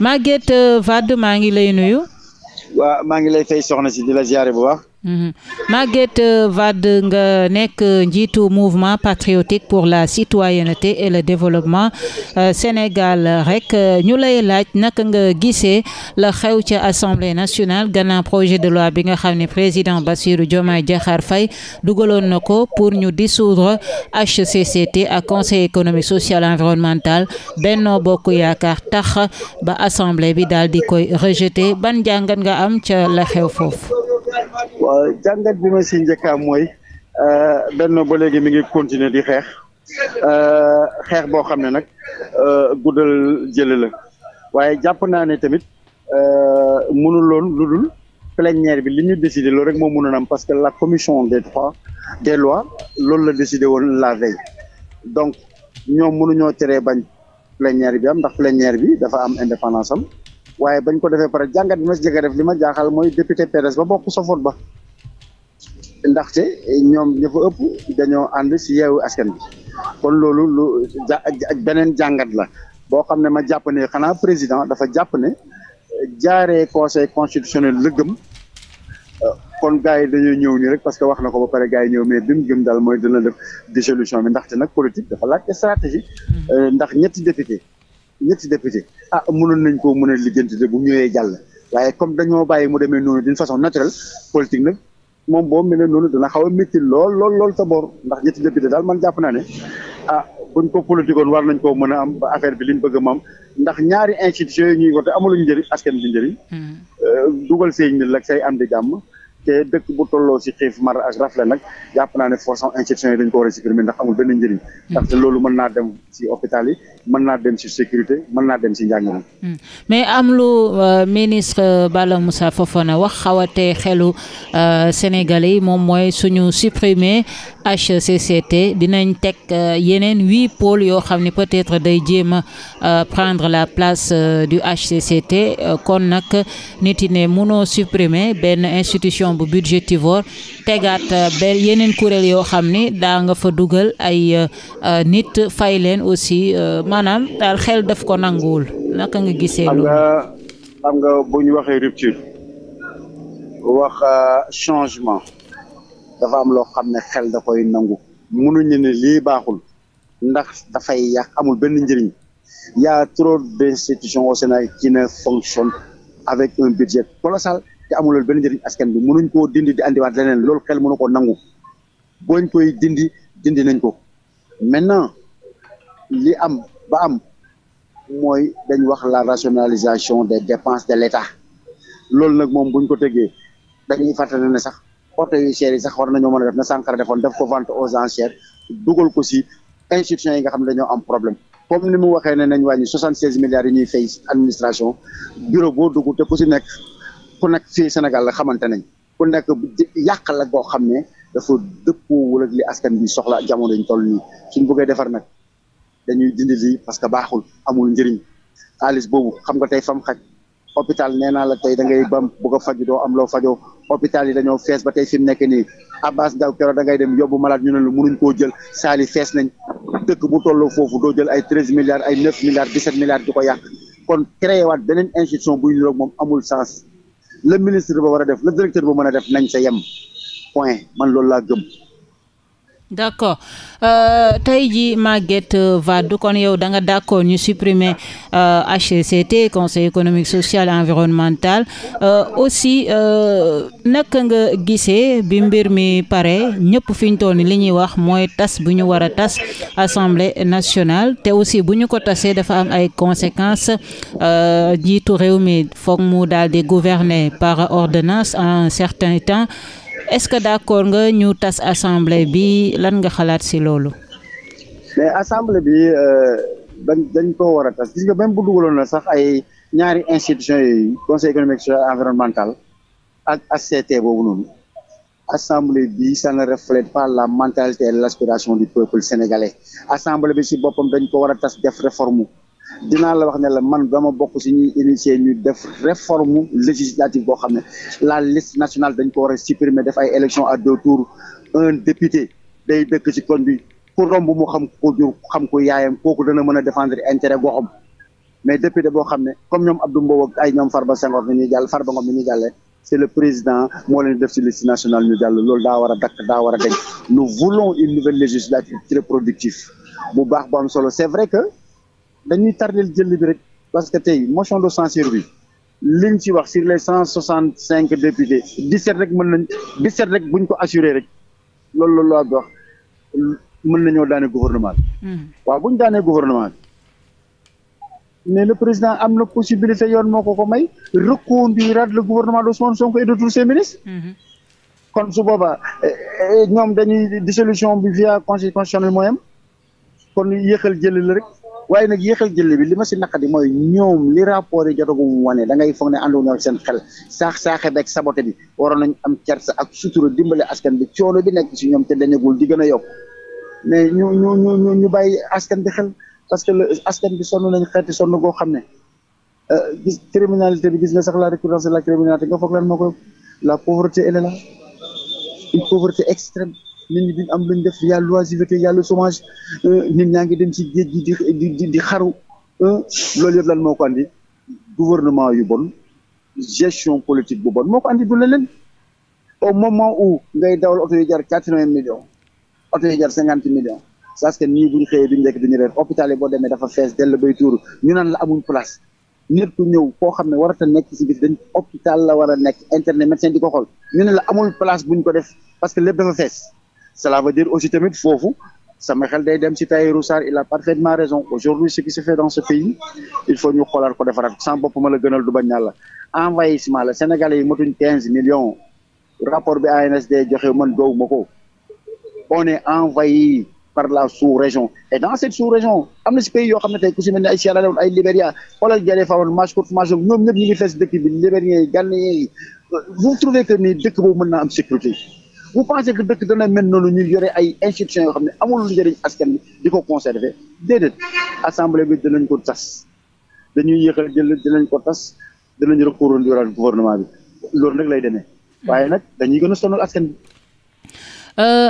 Maguette Wade euh, maa ngi lay nuyu. waa maa ngi lay fay soxna si di la ziare bu baax. Mhm. Maguette euh, Wade nga nekk euh, njiitu mouvement patriotique pour la citoyenneté et le développement euh, Sénégal rek ñu lay laaj naka nga gisee la xew ca assemblée nationale gannaaw projet de loi bi nga xam ne président Bassirou Diomaye Diakhar fay dugaloon na ko pour ñu dissoudre HCCT ak conseil économique social environnemental Benno Bokk Yaakaar tax ba assemblée bi daal di koy rejeter ban jàngat nga am ca la xew foofu. waaw jàngat bi ma si njëkkaam mooy euh, benn ba léegi mi ngi continuer di xeex euh, xeex boo xam ne nag euh, guddal jële la waaye jàpp naa ne tamit mënuloon lu dul plénière bi li ñu décidé loolu rek moo mënoon am parce que la commission des droits des lois loolu la décidé woon la veille donc ñoom mënuñoo teree bañ plénière bi am ndax plénière bi dafa am indépendance am waaye bañ ko defee pare jàngat bi ma si a def li jaaxal mooy député PDS ba bokk Sofone ba ndaxte ñoom ña fa ëpp dañoo ànd si yeewu askan bi kon loolu lu ja beneen jàngat la boo xam ne ma jàpp ne xanaa président dafa jàpp ne jaaree conseil constitutionnel la gëm kon gars yi dañoo ñëw nii rek parce que wax na ko ba pare gaa yi ñëw mais bi mu gëm daal mooy dina def dissolution bi ndaxte nag politique dafa laaj stratégie. Mm-hmm. Euh, ndax ñetti député ñetti député ah mënoon nañ koo mën a liggéeyante bu ñëwee jàll waaye comme dañoo bàyyi mu demee noonu d'une façon naturelle politique nag. moom boobu mel ne noonu dana xaw a métti lool lool lool sa bor ndax ñetti député daal man jàpp naa ne ah buñ ko politikoon war nañ koo mën a am ba affaire bi liñ bëgg a ndax ñaari institutions yi ñuy wote amuluñu njëriñ askan bi njëriñ. Hmm. Euh, dugal say nit ak say am di jàmm. te dëkk bu tolloo si xiif mar ak rafle nag jàpp naa ne façon instruction yi dañ ko war a ndax amul benn njëriñ hmm. ndaxte loolu mën naa dem si hôpital yi mën naa dem si sécurité mën naa dem si njàng hmm. mais am lu euh, ministre euh, Bala Moussa Fofana wax xawatee xelu euh, sénégalais yi moom mooy suñu supprimer HCCT dinañ teg yeneen huit pôles yoo xam ni peut-être day jéem prendre la place du HCCT kon nag nit ne mënoo supprimer benn institution tomb budgétivore tegaat euh, benn yeneen kuréel yoo xam ne daa nga fa dugal ay euh, euh, nit fay leen aussi maanaam daal xel daf ko nanguwul naka nga gisee loolu xam nga bu ñu waxee rupture wax changement dafa am loo xam ne xel da koy nangu mënuñu ne lii baaxul ndax dafay yàq amul benn njëriñ y a trop d'institutions au Sénégal qui ne fonctionnent avec un budget colossal te amulool benn njëriñ askan bi mënuñ koo dindi di andiwaat leneen loolu xel mënu ko nangu booñ koy dindi dindi nañ ko maintenant li am ba am mooy dañ wax la rationalisation des dépenses de l'État loolu nag moom buñ ko tegee dañuy fàttali ne sax oto yu cher sax war nañoo mën a def na Sankara defoon def ko vente aux enchères dugal ko si institutions yi nga xam ne dañoo am problème comme ni mu waxee ne nañ wàññi soixante seize milliards yi ñuy fay administration bureau boo dugg te ku si nekk ku nag fii Sénégal la xamante nañ nag nekk yàq la goo xam ne dafa dëppoowul ak li askan bi soxla jamono ñu tol nii suñ bëggee defar nag dañuy dindi lii parce que baaxul amul njëriñ xaalis boobu xam nga tey fam xaj hôpital nee naa la tey da ngay bam bëgg a faju doo am loo fajoo hôpital yi dañoo fees ba tey fi mu nekk nii Abbas Ndaw keroog ngay dem yóbbu malade ñu ne la mënuñ koo jël saali fees nañ dëkk bu tolloo foofu doo jël ay treize milliards ay neuf milliards dix sept di ko yàq kon créé waat beneen institution buy niroog moom amul sens le ministre ba war a def le directeur ba mën a def nañ sa yem point man loolu laa gëm d' accord euh, tey jii Maguette Wade euh, kon yow da nga d' accord ñu supprimer euh, HCCT conseil économique social et environnemental euh, aussi euh, naka nga gisee bi mbir mi pare ñëpp fi ñu ni li ñuy wax mooy tas bu ñu war a tas assemblée national te aussi bu ñu ko tasee dafa am ay conséquences euh, jiitu réew mi foog mu daal de gouverner par ordonnance en certain temps. est-ce que d'accord nga ñu tas assemblée bi lan nga xalaat si loolu. mais assemblée bi euh, dañ dañ ko war a tas gis nga ba bu dugaloon na sax ay ñaari institutions yooyu conseil économique social environnemental ak HCT boobu noonu. assemblée bi ça ne reflète par la mentalité et l'aspiration du peuple sénégalais assemblée bi si boppam dañ ko war a tas def réforme. dinaa la wax ne la man dama bokk si ñuy initier ñu def réforme législative boo xam ne la liste nationale dañ ko war a supprimer def ay élection à deux tours un député day dëkk si koñ bi ku romb mu xam ko jur xam ko yaayam kooku dana mën a défendre intérêt goxam mais député boo xam ne comme ñoom Abdou Mbow ay ñoom far Farba Senghor ni ñuy jàll Farba Ngom ni ñuy jàllee c'est le président moo leen def ci liste nationale ñu jàll lool daa war a dakk daa war a deñ nous voulons une dañuy tardel jël bi rek parce que tey motion de censure bi liñ ci wax sur cent soixante cinq députés di sept rek mën nañ dix sept rek buñ ko assuré rek loolu loolu laa wax mën nañoo daane gouvernement bi hmm. waaw buñ daanee gouvernement bi mais le président am na possibilité yoon moo ko ko may reconduire le gouvernement d'Ousmane Sonko et de tous ses ministres hmm. kon su boobaa eh, eh, ñoom dañuy dissolution bi via constitutionnel mooy kon yéexal jëli la rek waaye nag yéexal jëlle bi li ma si naqadi mooy ñoom li rapport yi jotagum wane da ngay foog ne àndoon ak seen xel saax saaxe beeg sabote bi waroon nañ am kersa ak sutura dimbale askan bi coono bi nekk si ñoom te dañagul di gën a yokk mais ñu ñu ñu ñu bàyyi askan bi xel parce que askan bi sonn nañ xeeti sonn goo xam ne euh, gis criminalité bi gis nga sax la récurrence de la criminalité nga foog lan moo ko la pauvreté elle est une pauvreté extrême nit ñi duñ am luñ def y a l'oisiveté y a le chômage euh, nit ñaa ngi dem ci géej gi di di di xaru euh, lool yëpp lan moo ko andi gouvernement yu bon gestion politique bu bon moo ko andi du leneen au moment où ngay dawal oto yu jar quatre-vingts millions oto yu jar cinquante millions parce que nii bu ñu xëyee duñ lekk duñu reer hôpital yi boo demee dafa fees dell bay tuuru ñu naan la amuñ place nit ñëw koo xam ne warata nekk ci biir dañ hôpital la war a nekk internet médecin di ko xool ñu ne la amul place buñ ko def parce que lépp dafa fees cela veut dire aussi tamit foofu sama xel day dem ci Tahirou Sarr il a parfaitement raison aujourd'hui ce qui se fait dans ce pays il faut ñu xoolaat ko defaraat sans bopp a la gënal du bañ la envahissement la Sénégalais yi matuñ quinze millions rapport bi ANSD joxe man doow ma ko on est par la sous-région et dans cette sous-région am na si pays yoo xam ne tey ku si mel ne ay Sierra Leone ay Libéria xoolal jëlee fawoon marche ngi fees dëkk bi Libériens yi vous trouvez que ni dëkk boobu mën naa am sécurité vous pensez que dëkk dana mel noonu ñu yore ay institutions yoo xam ne amul lu jëriñ askan bi di ko conserver déedéet assemblée bi dinañ ko tas dañuy yéexal jël dinañ ko tas dinañ recours yoral gouvernement bi loolu nag lay demee hmm. waaye nag dañ gën a sonal askan bi Euh,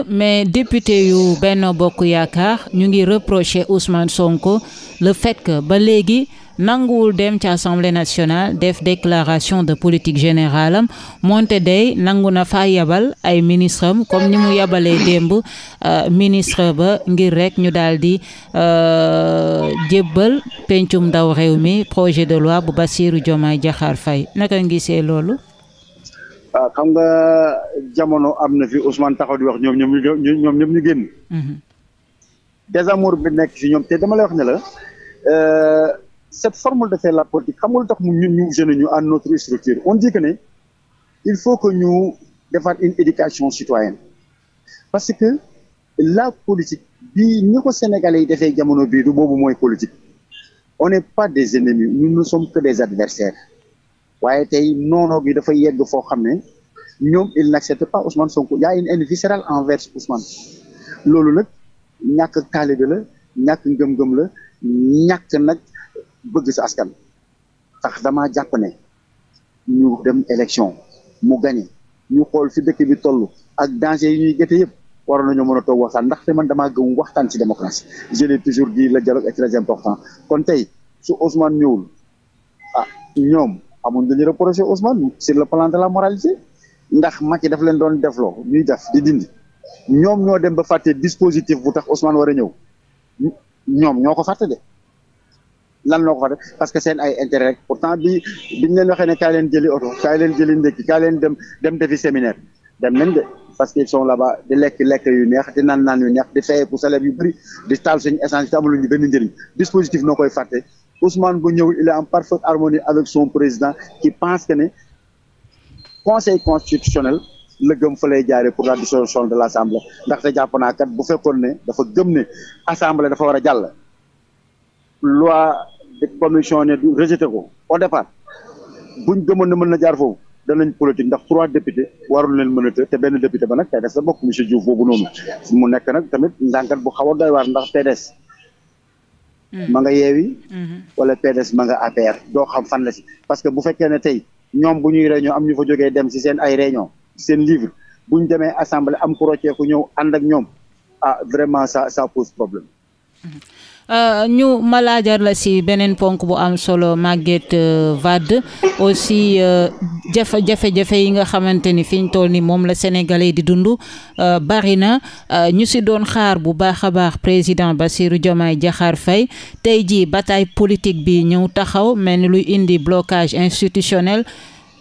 mais député yu Benno Bokk Yaakaar ñu ngi reprocher Ousmane Sonko le fait que ba léegi nanguwul dem ci assemblée nationale def déclaration de politique générale moonte day nangu na fa yabal ay ministre am comme ni mu yabalee démb euh, ministre ba ngir rek ñu daal di euh, jébbal pencum ndaw réew mi projet de loi bu Bassirou Diomaye fay Faye ngi se loolu waaw ah, xam nga jamono am na fi Ousmane taxaw di wax ñoom ñoom ñu ñoom ñoom ñu génn mhm. bi nekk ci ñoom te dama lay wax ne la euh, cette formule de faire la politique xamul tax mu ñun ñu jeunes ñu à notre structure on dit que ne il faut que ñu defar une éducation citoyenne parce que la politique bi ñi ko sénégalais yi defee jamono bii du boobu mooy politique on ne pas des ennemis nous ne sommes que des adversaires waaye tey noonoo gi dafa yegg foo xam ne ñoom il n'accepte pas Ousmane Sonko y a une haine viscérale envers Ousmane loolu nag ñàkk taalibe la ñàkk ngëm-ngëm la ñàkk nag bëgg sa askan tax damaa jàpp ne ñu dem élection mu gañe ñu xool fi dëkk bi toll ak danger yi ñuy gëte yëpp waroon nañoo mën a toog waxtaan ndaxte man damaa gëm waxtaan ci démocratie je l'ai toujours dit le dialogue est très important kon tey su Ousmane ñëwul ah ñoom amuñ dañu reproché Ousmane sur le plan de la moralité ndax Macky daf leen doon defloo ñuy def di dindi ñoom ñoo dem ba fàtte dispositif bu tax Ousmane war a ñëw ñoom ñoo ko fàtte de lan la ko def parce que seen ay intérêt rek pourtant bi biñ leen waxee ne kaay leen jëli oto kaay leen jëli ndékki kaay leen dem dem defi séminaire dem nañ de parce que sont là-bas di lekk lekk yu neex di naan naan yu neex di fayee pour salaire yu bëri di taal suñu essence te amuluñu benn njëriñ dispositif noo koy fàtte Ousmane bu ñëw il est en parfaite harmonie avec son président qui pense que ne conseil constitutionnel la gëm fa lay jaaree pour la dissolution de l'assemblée ndaxte jàpp naa kat bu fekkoon ne dafa gëm ne assemblée a jàll. loi de commission ne du rejeté ko au départ buñ gëmoon na mën na jaar foofu danañ politique ndax trois députés warul leen mën a te benn député ba nag PDS la bokk monsieur Diouf boobu noonu mu nekk nag tamit ndànkat bu xaw a doy waar ndax PDS. Hmm. ma nga yeewi. Hmm. wala PDS ma nga APR doo xam fan la si. parce que bu fekkee ne tey ñoom bu ñuy réunion am ñu fa jógee dem si seen ay région seen livre bu ñu demee assemblée am ku rocceeku ñëw ànd ak ñoom ah vraiment sa ça pose problème. Hmm. Euh, ñu ma laajar la si beneen ponk bu am solo Maguette vad euh, aussi euh, jafe jafe-jafe yi nga xamante ni fiñ ñu toll ni moom la yi di dund bari na ñu si doon xaar bu baax a baax président Bassirou Diomaye Diakhar Faye tey jii bataille politique bi ñëw taxaw mel ni luy indi blocage institutionnel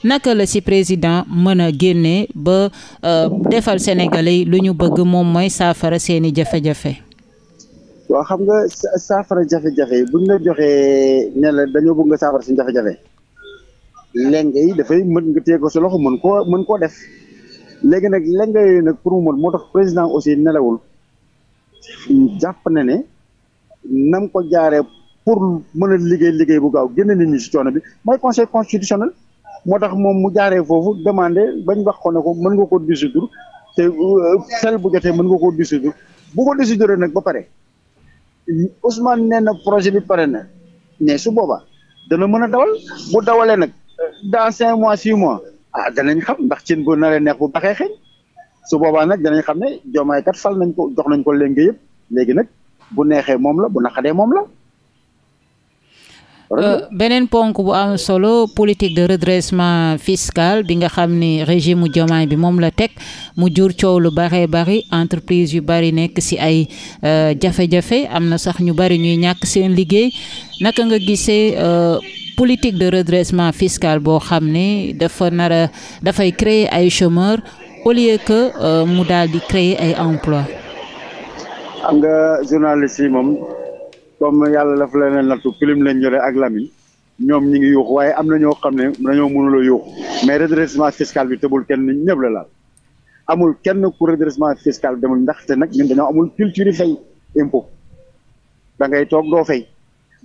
naka la ci président mën a génne ba defal sénégalais lu ñu bëgg moom mooy saafara seeni jafe-jafe waa xam nga saafara jafe-jafe yi buñ la joxee ne la dañoo bëgg nga saafara si jafe-jafe leng yi dafay mën nga téye ko sa loxo mën ko mën koo def léegi nag leng yooyu nag pour mu mën moo tax président aussi nelawul jàpp na ne nam ko jaaree pour mën a liggéey liggéey bu gaaw génne nit ñi si coono bi mooy conseil constitutionnel moo tax moom mu jaaree foofu demande bañ wax ko ko mën nga ko dissoudre te euh, sel bu jotee mën nga ko dissoudre bu ko dissoudre nag ba pare. Ousmane nee na projet bi pare na mais su boobaa dana mën a dawal bu dawalee nag dans cinq mois six mois ah danañ xam ndax cin bu naree neex bu baxee xeeñ su boobaa nag danañ xam ne Diomaye kat fal nañ ko jox nañ ko léegi yëpp léegi nag bu neexee moom la bu naqadee moom la. Euh, beneen ponk bu am solo politique de redressement fiscal bi nga xam ni régime u Diomaye bi moom la teg mu jur coow lu bare bari entreprise yu bari nekk ci ay euh, jafe-jafe am na sax ñu bari ñuy ñàkk seen liggéey naka nga gisee euh, politique de redressement fiscal boo xam ne dafa nar dafay créer ay chômeurs au lieu que mu daal di créer ay emploi am nga journaliste moom comme yàlla la dafa leen nattu film lañ yore ak Lamine ñoom ñi ngi yuux waaye am na ñoo xam ne dañoo mënula yuux mais redressement fiscal bi tebul kenn ñëpp la laal amul kenn ku redressement fiscal bi demul ndaxte nag ñun dañoo amul culture yi fay impôt ngay toog doo fay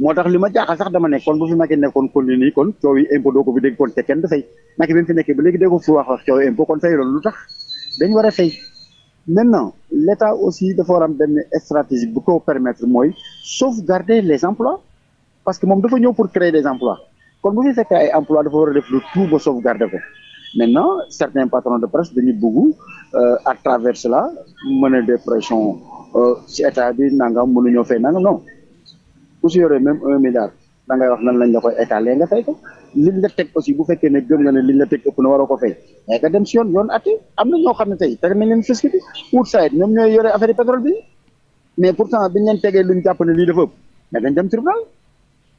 moo tax li ma jaaxal sax dama nekkoon bu fi i nekkoon kon ni nii kon coow yi impôt doo ko fi dégg kon te kenn du fay Macky bi mu fi nekkee ba léegi dégg ko fi wax wax coow impôt kon fay lu tax dañ war a fay maintenant l' aussi dafa war am benn stratégie bu ko permettre mooy sauvegarder les emplois parce que moom dafa ñëw pour créer des emplois kon bu fi fekkee ay emplois dafa war a def le tout ba sauvegarder ko maintenant certains patrons de presse dañu bugg euh, à travers cela mener des pressions ci euh, état bi nangam mënuñoo fay nangam non ku si yoree même un milliard da ngay wax nan lañ la koy étaler nga fay ko liñ la teg aussi bu fekkee ne gëm nga ne liñ la teg ëpp na waroo ko fay mais nga dem si yoon yoon ati am na ñoo xam ne tey mais pourtant biñ leen tegee luñ jàpp ne lii dafa ëpp mais dañ dem tribunal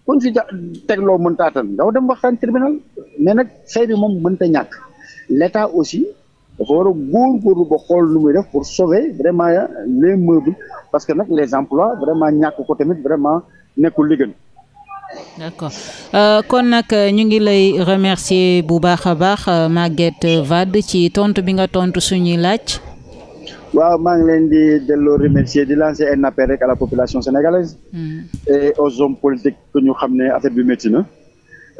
kuñ fi ja teg loo mën taatan ndaw dem waxtaan tribunal mais nag xëy bi moom mënta ñàkk l'état aussi dafa war a góorgóorlu ba xool nu muy def pour sauver vraiment les meubles parce que nag les emplois vraiment ñàkk ko tamit vraiment nekkul li gën d'accord euh, kon nag ñu ngi lay remercier bu baax a baax Maguette Wade ci tontu bi nga tontu suñuy laaj. waaw maa ngi leen di delloo remercier di lancer un appel rek à la population sénégalaise. Mm. et aux hommes politiques que ñu xam ne affaire bi métti na.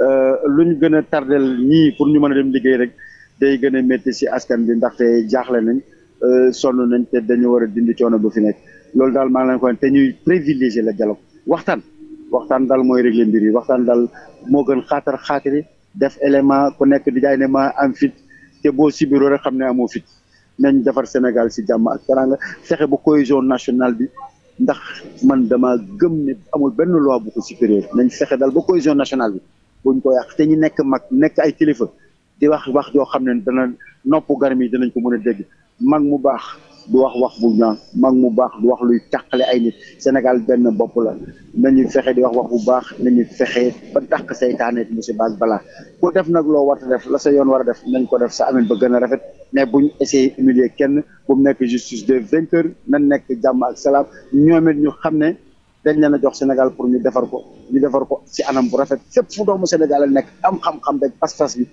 Euh, lu ñu gën a tardel ñii pour ñu mën a dem liggéey rek day gën a métti si askan bi ndaxte jaaxle nañ euh, sonn nañ te dañu war a dindi coono bu fi nekk loolu daal maa ngi leen ko te ñuy privilégier le dialogue waxtaan waxtaan daal mooy régler mbir yi waxtaan daal moo gën xaatar xaatari def élément ku nekk di jaay ne ma am fit te boo sibiroo rek xam ne amoo fit. nañ defar Sénégal si jàmm ak teranga fexe ba cohésion nationale bi ndax man dama gëm ni amul benn loi bu ko supérieur nañ fexe daal ba cohésion nationale bi buñ ko yàq te ñu nekk mag nekk ay kilifa di wax wax yoo xam ne dana nopp garmi danañ ko mën a dégg mag mu baax du wax wax bu ñaaw mag mu baax du wax luy tàqale ay nit Sénégal benn bopp la nañu fexe di wax wax bu baax na nañu fexe ba tàq mu musiba ak bala ku def nag loo war a def la sa yoon war a def nañ ko def sa amin ba gën a rafet mais buñ essayé humilier kenn bu mu nekk justice des vainqueurs na nekk jàmm ak salaam ñoom it ñu xam ne dañ leen a jox Sénégal pour ñu defar ko ñu defar ko si anam bu rafet fépp fu doomu mu a nekk am xam-xam rek pas-pas bi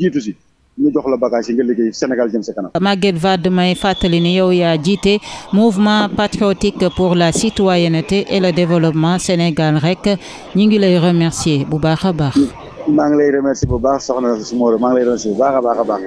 jiitu si ñu jox la bagage yi nga liggéey Sénégal jëm sa kanam. Maguette may fàttali yow yaa jiite mouvement patriotique pour la citoyenneté et le développement Sénégal rek ñu ngi lay remercier bu baax a baax. maa ngi lay remercier bu baax soxna Moreau a baax.